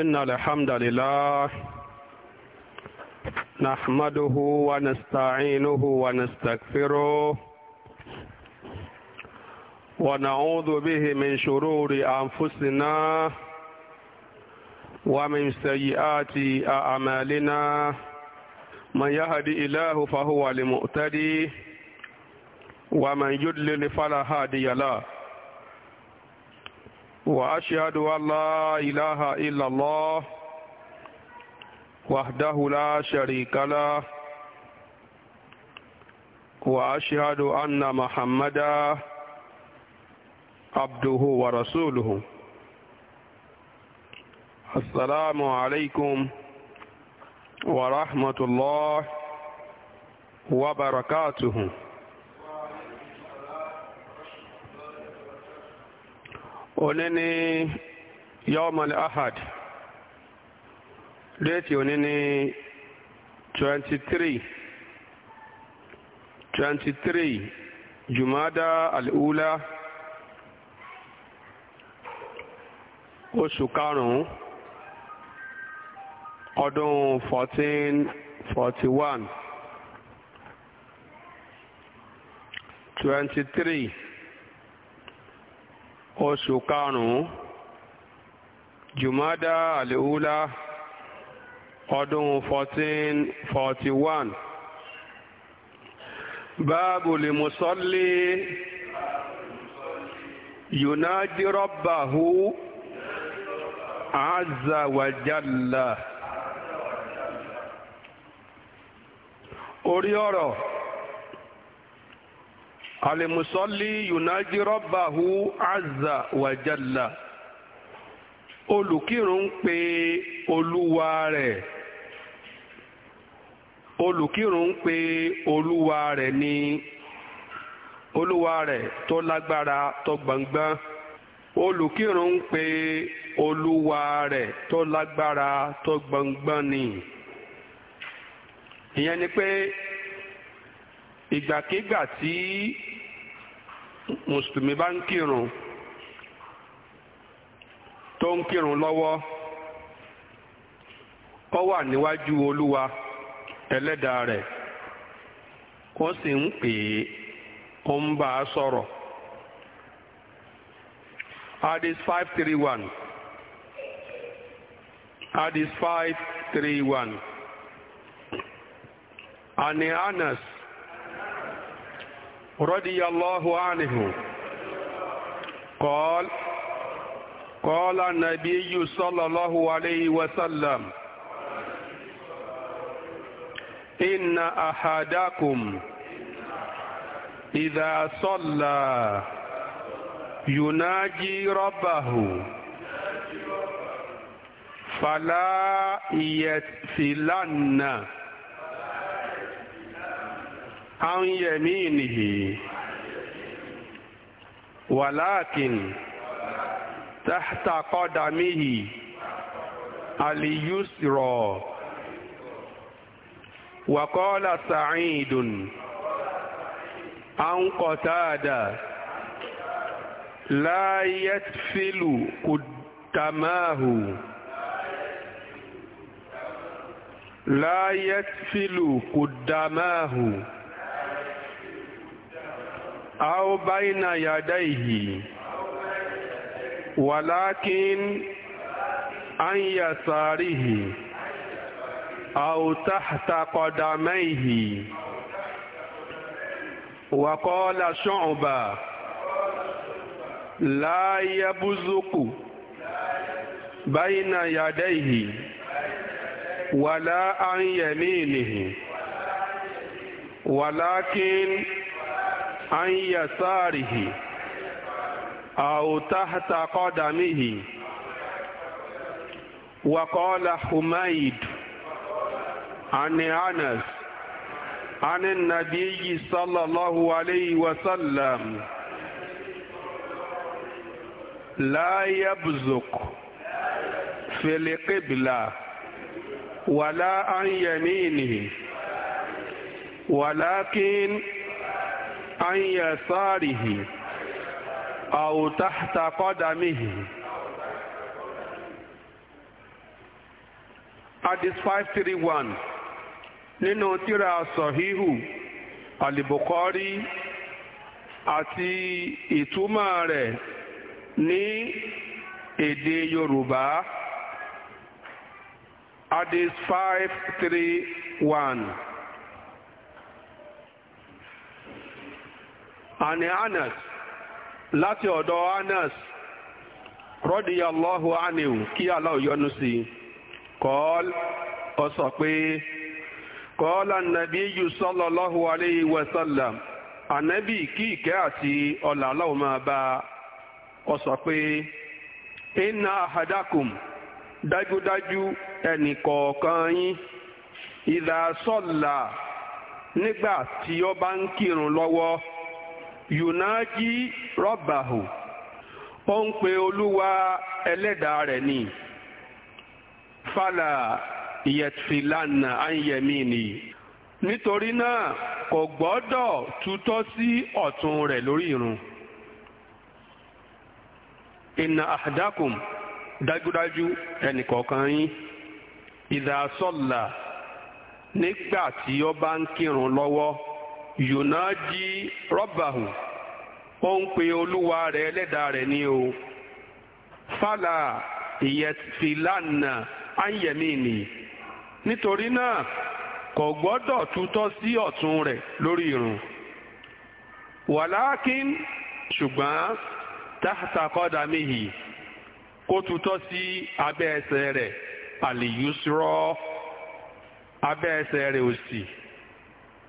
إن الحمد لله نحمده ونستعينه ونستغفره ونعوذ به من شرور أنفسنا ومن سيئات أعمالنا من يهدي إله فهو لمؤتدي ومن يدلل فلا هادي له وأشهد أن لا إله إلا الله وحده لا شريك له وأشهد أن محمدا عبده ورسوله السلام عليكم ورحمة الله وبركاته òní ní yawmal ahad déètì òní ní 23, 23 twenty jumada al'ula oṣù karùn-ún ọdún fourteen twenty three oṣù karùn-ún jùmọ́dá àlèhúlá ọdún 1441 báàbù lè mùsọ́lé yùnájí rọ́bàhú àzàwàjálà orí ọ̀rọ̀ alimusọ́lí yunaji rọ́bàhù aza wa jalla olùkírun pe olúwa rẹ olùkírun pe olúwa olúwa gbangban olùkírun pe olúwa tó lágbára gbangban ni ìyẹn ni pé ìgbàkigbà mùsùlùmí bá ń kírun tó ń kírun lọ́wọ́ ó wà níwájú olúwa ẹlẹ́dàá rẹ̀ ó sì ń pè é ó ń bá a sọ̀rọ̀. Hadith five three one Hadith five three one Ani Anas رضي الله عنه قال قال النبي صلى الله عليه وسلم إن أحدكم إذا صلى يناجي ربه فلا يتفلن عن يمينه ولكن تحت قدمه اليسرى وقال سعيد عن قتادة لا يتفل قدماه لا يتفل قدماه Au bayina yaadayyi, walakin an ya saarihi, au tahta kpodaama ihi, wa koola shọn ba. La ya buzụkụ. Bayina Wala an ya n'ihi. Walakini. عن يساره أو تحت قدمه وقال حميد عن أنس عن النبي صلى الله عليه وسلم لا يبزق في القبلة ولا عن يمينه ولكن عن يساره أو تحت قدمه 531 nínú tírà Sọ̀híhù Àlìbùkọ́rí àti ìtumọ̀ rẹ̀ ní èdè Yorùbá. Hadis 531 àní anas láti ọ̀dọ̀ anas rọ́díyàlọ́hu aniu kí aláwọ̀ yọ́nú sí kọ́ọ́l ó sọ pé kọ́ọ́lá nàbí yù sọ́lọ́lọ́hu aléyí wẹ́sọ́lá ànábì kí ìkẹ́ àti ọ̀là aláwọ̀ máa bá ó sọ pé iná dájúdájú ẹnì yunaji rọ́bàhù ó ń pe olúwa ẹlẹ́dàá rẹ̀ ni fàlà ìyẹ̀tìlànà àyẹ̀mí ni nítorí náà kò gbọ́dọ̀ tutọ́ sí ọ̀tún rẹ̀ lórí irun ìnà àdákùn dájúdájú ẹnìkọ̀ọ̀kan yín ìdá sọ́là nígbà tí ó bá ń kírun lọ́wọ́ yònájí rọ́bàhù ó ń pe olúwa rẹ̀ ẹlẹ́dàá rẹ̀ ní o fàlà ìyẹ̀tìlànà áyẹ̀mí ni nítorí náà kò gbọ́dọ̀ tutọ́ sí ọ̀tún rẹ̀ lórí irun wàlákín ṣùgbọ́n tàtàkọ́dà mihì kó tutọ́ sí abẹ́ ẹsẹ̀ rẹ̀ àlìyúsírọ́ abẹ́ ẹsẹ̀ rẹ̀ òsì.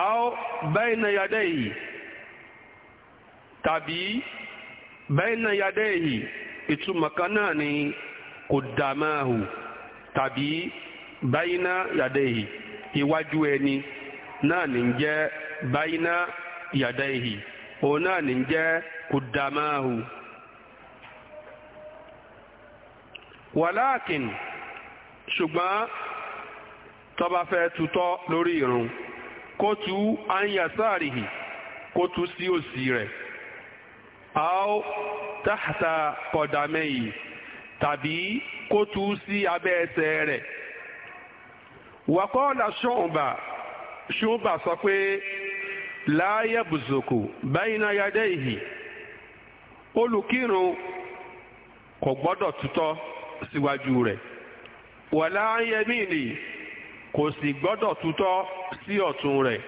Au bẹ́ẹ̀nà yàdẹ́ yìí tàbí bẹ́ẹ̀nà yàdẹ́ yìí ìtumọ̀ náà ni kò dàmáhù tàbí bẹ́ẹ̀nà yàdẹ́ yìí iwájú náà ní jẹ́ náà ní ṣùgbọ́n tọba fẹ́ tutọ́ kó tú anyasarihi kó sí òsì rẹ̀ ao tahta kọ̀dàmẹ́yì tàbí kó sí abẹ́ ẹsẹ̀ rẹ̀ wàkọ́ọ̀lá ṣọ́ọ̀bà ṣọ́ọ̀bà sọ pé láàyè bùzòkò báyìí yadé ìhì olùkírun kò gbọ́dọ̀ tutọ́ kò sì gbọ́dọ̀ tutọ́ sí ọ̀tún rẹ̀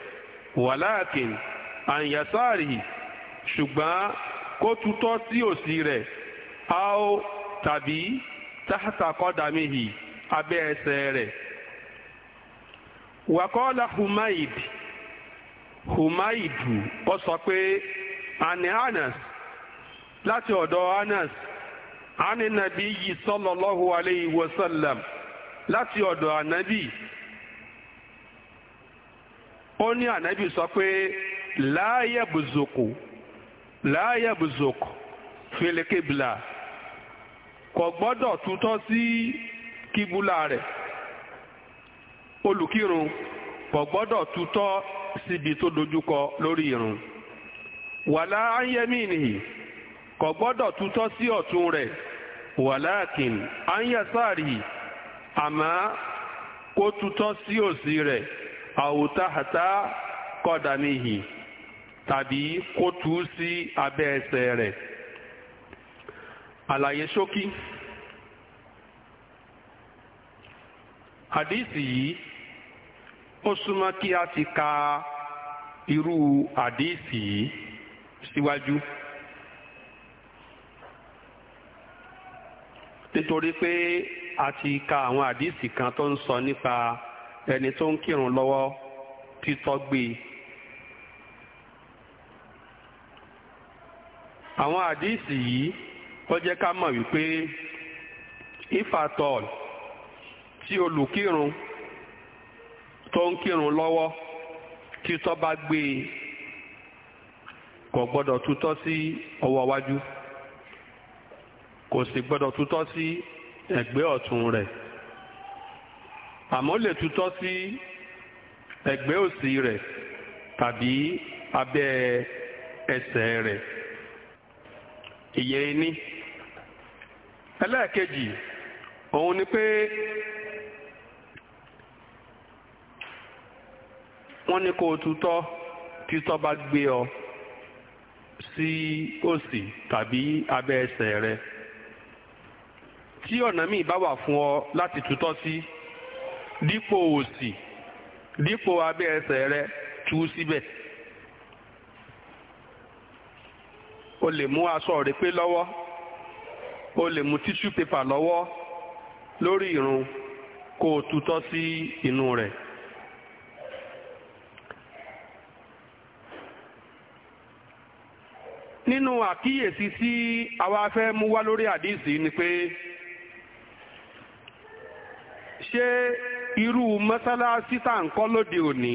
wàláàkìn àyàsáàrì ṣùgbọ́n kó tutọ́ sí òsì rẹ̀ ao tàbí tàtàkọ́dàmihì abẹ́ ẹsẹ̀ rẹ̀. wàkọ́lá humaid humaidu ó sọ pé ani anas láti ọ̀dọ̀ anas ani nabi yìí sallallahu alayhi wa sallam láti ọ̀dọ̀ anabi. ó ní ànábì sọ pé láàyè bùzùkù láàyè bùzùkù fèlèkébìlà kò gbọ́dọ̀ túntọ́ sí kíbúlà rẹ̀ olùkírun kò gbọ́dọ̀ túntọ́ síbi tó dojúkọ lórí irun wàlá ayẹmí nìyí kò gbọ́dọ̀ wala sí ọ̀tún rẹ̀ wàláàkìn ayẹsáàrì àmọ́ kó tuntun sí òsì rẹ̀. àwòtáhàtá kọ́dàmíhì tàbí kó tú sí abẹ́ ẹsẹ̀ rẹ̀ àlàyé ṣókí àdíìsì yìí ó súnmọ́ kí a ti ka irú àdíìsì yìí síwájú nítorí pé a ti ka àwọn àdíìsì kan tó ń sọ nípa ẹni tó ń kírun lọ́wọ́ títọ́ gbé e. àwọn àdíìsì yìí ó jẹ́ ká mọ̀ wípé ifatol tí olùkírun tó ń kírun lọ́wọ́ títọ́ bá gbé e kò gbọ́dọ̀ tutọ́ sí ọwọ́ iwájú kò sì gbọ́dọ̀ tutọ́ sí ẹ̀gbẹ́ ọ̀tún rẹ̀ àmọ́ lè tutọ́ sí ẹ̀gbẹ́ òsì rẹ̀ tàbí abẹ́ ẹsẹ̀ rẹ̀ ìyẹn ní. ẹlẹ́ẹ̀kejì òun ni pé wọ́n ní kó o tutọ́ títọ́ bá gbé ọ sí òsì tàbí abẹ́ ẹsẹ̀ rẹ̀ tí ọ̀nà míì bá wà fún ọ láti tutọ́ sí. Si, dípò òsì dípò abẹ́ ẹsẹ̀ rẹ tú síbẹ̀ o lè mú aṣọ rẹ pé lọ́wọ́ o lè mú tíṣú pépà lọ́wọ́ lórí irun kó o tutọ́ sí inú rẹ̀. nínú àkíyèsí tí àwa fẹ́ mú wá lórí àdìsí ni pé ṣé irú mọ́sálásí tá à ń kọ́ lóde òní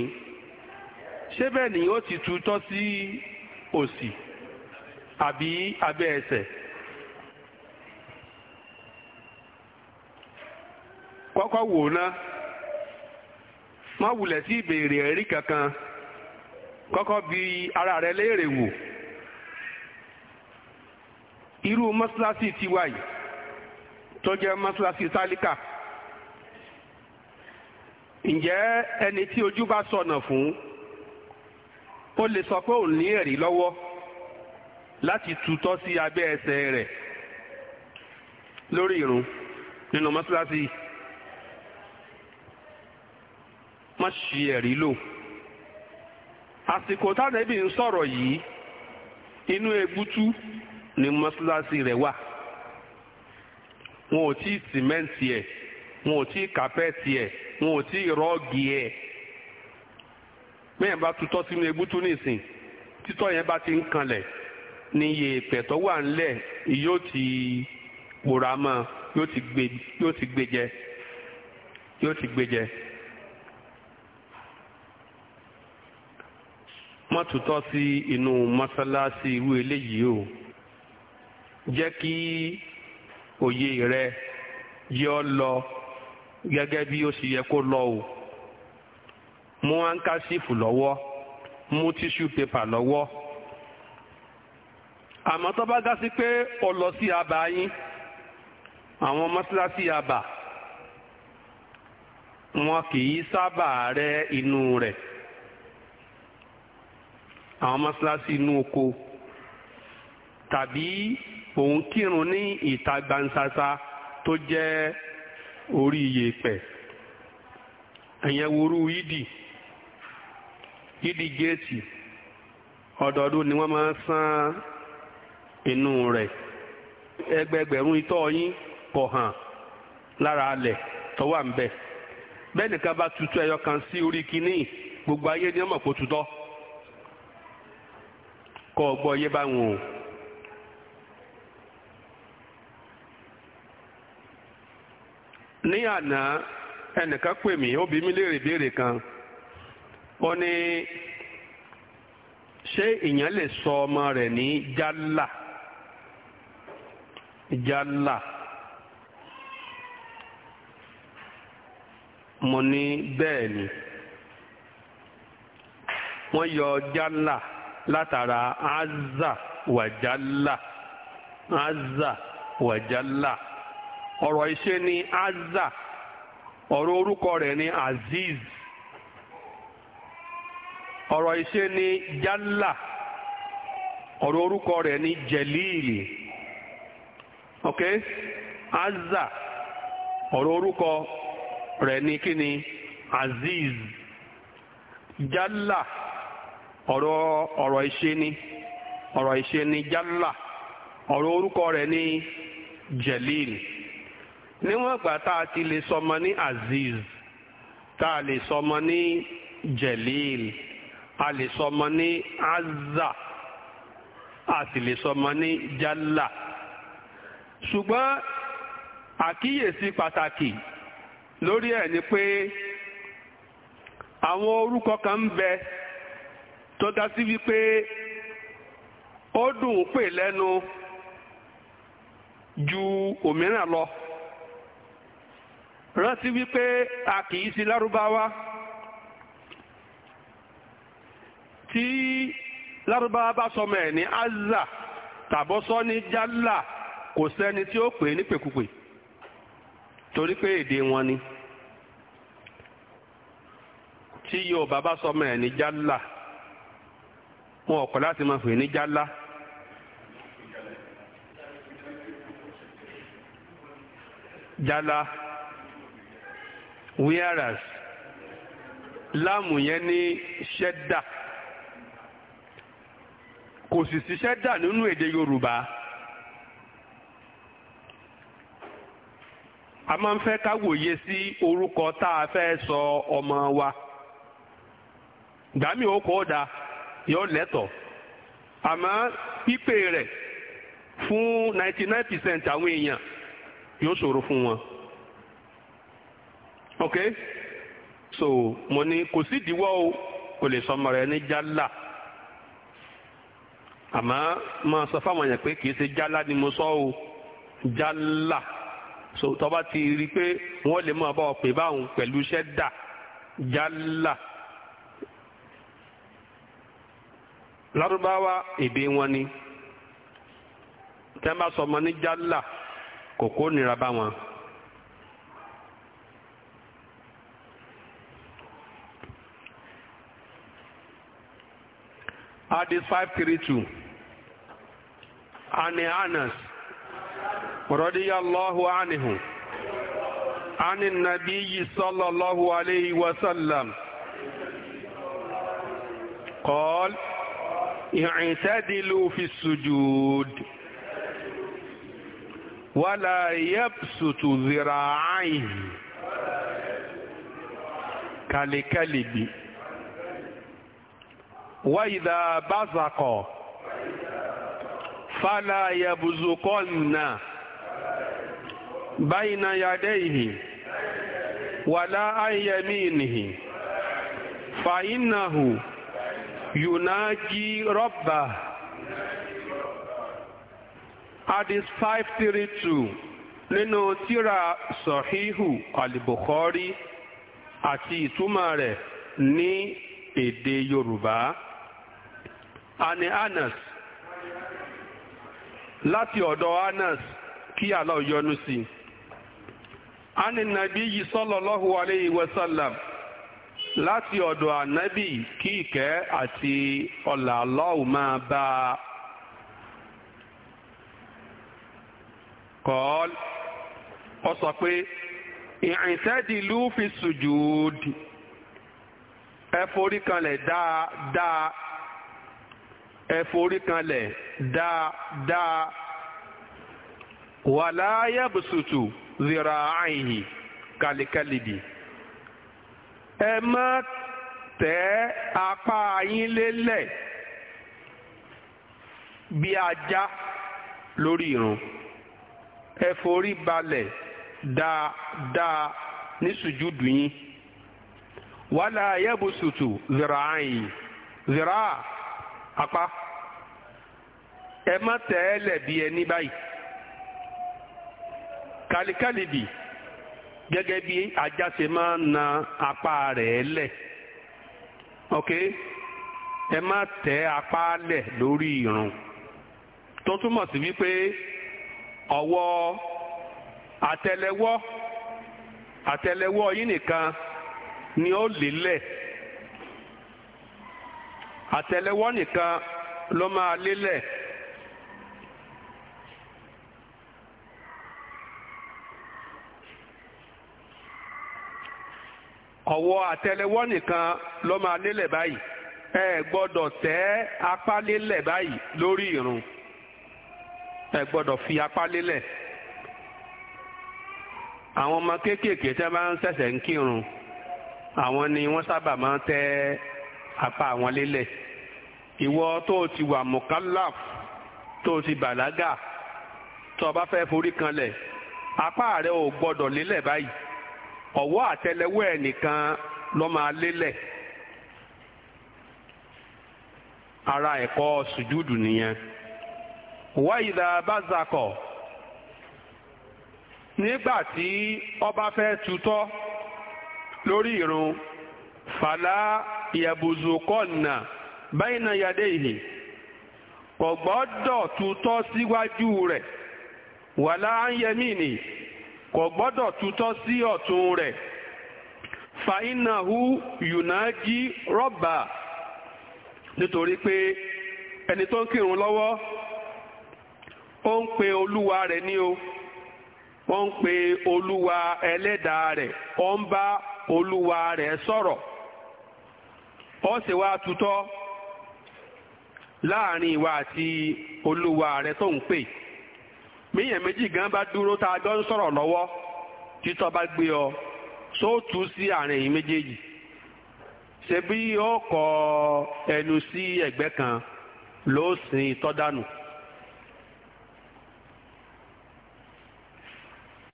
ṣé bẹ́ẹ̀ ni ó ti tutọ́ sí òsì àbí abẹ́ ẹsẹ̀. kọ́kọ́ wò ná má wulẹ̀ sí ìbéèrè ẹ̀rí kankan kọ́kọ́ bi ara rẹ léèrè wò irú mọ́sálásí ti yìí tó jẹ́ mọ́sálásí sálíkà. ǹjẹ́ ẹni tí ojú bá sọnà fún ó lè sọ pé òun ní ẹ̀rí lọ́wọ́ láti tutọ́ sí abẹ́ ẹsẹ̀ rẹ̀ lórí irun nínú mọ́ṣáláṣí má ṣì ẹ̀rí lò àsìkò tánẹ́bì ń sọ̀rọ̀ yìí inú egbútú ni mọ́ṣáláṣí rẹ̀ wà wọn ò tí ì sìmẹ́ǹtì ẹ̀ wọn ò tí ì kápẹ́ẹ̀tì ẹ̀ wọn ò tí ì rọ́ọ̀gì ẹ̀ bẹ́ẹ̀ bá tutọ́ sínú egbútú nìsín títọ́ yẹn bá ti ń kanlẹ̀ ní iye ìpẹ̀tọ́ wà ńlẹ̀ yóò ti wòrà mọ́ yóò ti gbé jẹ yóò ti gbé jẹ. má tutọ́ sí inú mọ́sálásí irú eléyìí o jẹ́ kí òye rẹ yọ lọ gẹ́gẹ́ bí ó sì yẹ kó lọ o mú áńkásífù lọ́wọ́ mú tíṣù pépà lọ́wọ́ àmọ́ tó bá gá sí pé ó lọ sí àbá yín àwọn mọ́sálásí àbá wọn kì í sábà rẹ inú rẹ̀ àwọn mọ́sálásí inú oko tàbí òun kírun ní ìta gbansasa tó jẹ́ orí iyèpẹ̀ ẹ̀yẹn worú yídì yídì géètì ọdọọdún ni wọ́n máa n san inú rẹ̀ ẹgbẹgbẹ̀rún itọ́ yín kọ̀ hàn lára alẹ̀ tó wà ń bẹ̀ bẹ́ẹ̀ nìkan bá tutù ẹyọ kan sí orí kínní gbogbo ayé ni ọmọ kò pé tutọ́ kọ́ o. ní àná ẹnìkan pè mí ó bí mí léèrè béèrè kan ó ní ṣé ìyẹn lè sọ ọmọ rẹ̀ ní jálà jálà mo ní bẹ́ẹ̀ ni wọ́n yọ jálà látara azza wàjálà azza wàjálà. ọ̀rọ̀ iṣẹ́ ni azza ọ̀rọ̀ orúkọ rẹ̀ ni aziz ọ̀rọ̀ iṣẹ́ ni jalla ọ̀rọ̀ orúkọ rẹ̀ ni ok azza ọ̀rọ̀ orúkọ rẹ̀ ni kíni aziz jalla ọ̀rọ̀ ni ọ̀rọ̀ iṣẹ́ ni jalla ọ̀rọ̀ jelil. níwọ̀n ìgbà tá a ti lè sọmọ ní aziz tá a lè sọmọ ní jelil a lè sọmọ ní azza a sì lè sọmọ ní jalla ṣùgbọ́n àkíyèsí pàtàkì lórí ẹ̀ ni pé àwọn orúkọ kan ń bẹ tó dá sí wípé ó dùn pè lẹ́nu ju òmíràn lọ rántí wípé a kì í sí lárúbáwá tí lárúbáwá bá sọmọ ẹ̀ ní azza tàbọ́sọ́ ní jálà kò sẹ́ni tí ó pè é nípèkúpè torí pé èdè wọn ni tí Yorùbá bá sọmọ ẹ̀ ní jálà wọn ò kọ́ láti máa pè ní jálà. jálá whereas láàmù yẹn ní ṣẹ́dà kò sì sí ṣẹ́dà nínú èdè Yorùbá a máa ń fẹ́ ká wòye sí orúkọ tá a fẹ́ sọ ọmọ wa gbàmí ó kọ́ yọ yóò lẹ́tọ̀ àmọ́ pípé rẹ̀ fún ninety nine percent àwọn èèyàn yóò ṣòro fún wọn. ok so mo ní kò sídìíwọ́ o kò lè sọmọ rẹ ní jálà àmọ́ máa sọ fáwọn èèyàn pé kì í ṣe jálá ni mo sọ o jálà so tọ́ba ti rí i pé wọ́n lè máa bá ọ pè báwọn pẹ̀lú iṣẹ́ dà jálà. lárúbáwá èdè wọn ni tẹ́ bá sọ ní jálà kò nira bá wọn. Hadith 532. عن أنس رضي الله عنه عن النبي صلى الله عليه وسلم قال اعتدلوا في السجود ولا يبسط ذراعيه كالكلب Wa bazako baza Fala ịabụzokomi na Bayi na Wala ahịhịa emi na ị. Fa ịnna hụ, yona gi rọba! Adi 5-3-2 lino tira sọhịa ịhụ alibokoriri ati itumare ni Yoruba. ani Anas láti ọ̀dọ̀ Anas kí Allah yọ́nú sí ani nàbí sallallahu alayhi wa sallam láti ọ̀dọ̀ ànábì kí ìkẹ́ àti ọlà Allah máa bá a kọ́ọ́l ọ sọ pé i'tadilu fi sujud ẹ forí kanlẹ̀ dáadáa ẹ forí kanlẹ̀ dáadáa wàlá yabsutu zira'aihi kàlíkàlìbì ẹ má tẹ́ apá yín lélẹ̀ bí ajá lórí irun ẹ forí balẹ̀ dáadáa ní sùjúdù yín wàlá yabsutu zira'aihi zira. apá ẹ má tẹ ẹ lẹ̀ bí ní báyìí kàlíkàlìbì gẹ́gẹ́ bí ajá ṣe máa na apá rẹ̀ lẹ̀ ok ẹ má tẹ apá lẹ̀ lórí irun tó túmọ̀ sí wípé ọwọ́ àtẹ́lẹwọ́ àtẹ́lẹwọ́ yín nìkan ni ó lélẹ̀. àtẹ́lẹwọ́ nìkan ló máa lélẹ̀. ọwọ́ àtẹ́lẹwọ́ nìkan ló máa lélẹ̀ báyìí ẹ gbọ́dọ̀ tẹ́ apá lélẹ̀ báyìí lórí ìrun ẹ gbọ́dọ̀ fi apá lélẹ̀ àwọn ọmọ kéékèèké tẹ́ bá ń ṣẹ̀ṣẹ̀ ń kírun àwọn ni wọ́n sábà máa ń tẹ́ apá wọn lélẹ̀ ìwọ tó o ti wà mùkálàf tó o ti bàlágà tó o bá fẹ́ forí kanlẹ̀ apá rẹ ò gbọ́dọ̀ lélẹ̀ báyìí ọwọ́ àtẹlẹwọ́ ẹ nìkan ló máa lélẹ̀ ara ẹ̀kọ́ sùjúdù nìyẹn wáyìdá bázakọ̀ nígbà tí ọba fẹ́ tutọ́ lórí ìrun fàlà ìyẹ̀bùzùkọ̀ náà. báyìí náà yàdé ìhì kò gbọ́dọ̀ síwájú rẹ̀ wà láàáyẹmí ni kò gbọ́dọ̀ sí ọ̀tún rẹ̀ fàínàhù yùnájí rọ́bà nítorí pé ẹni tó ń kírun lọ́wọ́ ó ń pe olúwa rẹ̀ o ó ń pe olúwa ẹlẹ́dàá rẹ̀ ó láàrin ìwà àti olúwa rẹ tó ń pè míyàn méjì gan bá dúró tá a jọ ń sọ̀rọ̀ lọ́wọ́ títọ́ bá gbé ọ sóòtú sí àárín ẹ̀yìn méjèèjì ṣebí ó kọ ẹnu sí ẹ̀gbẹ́ kan ló sin ìtọ́dànù.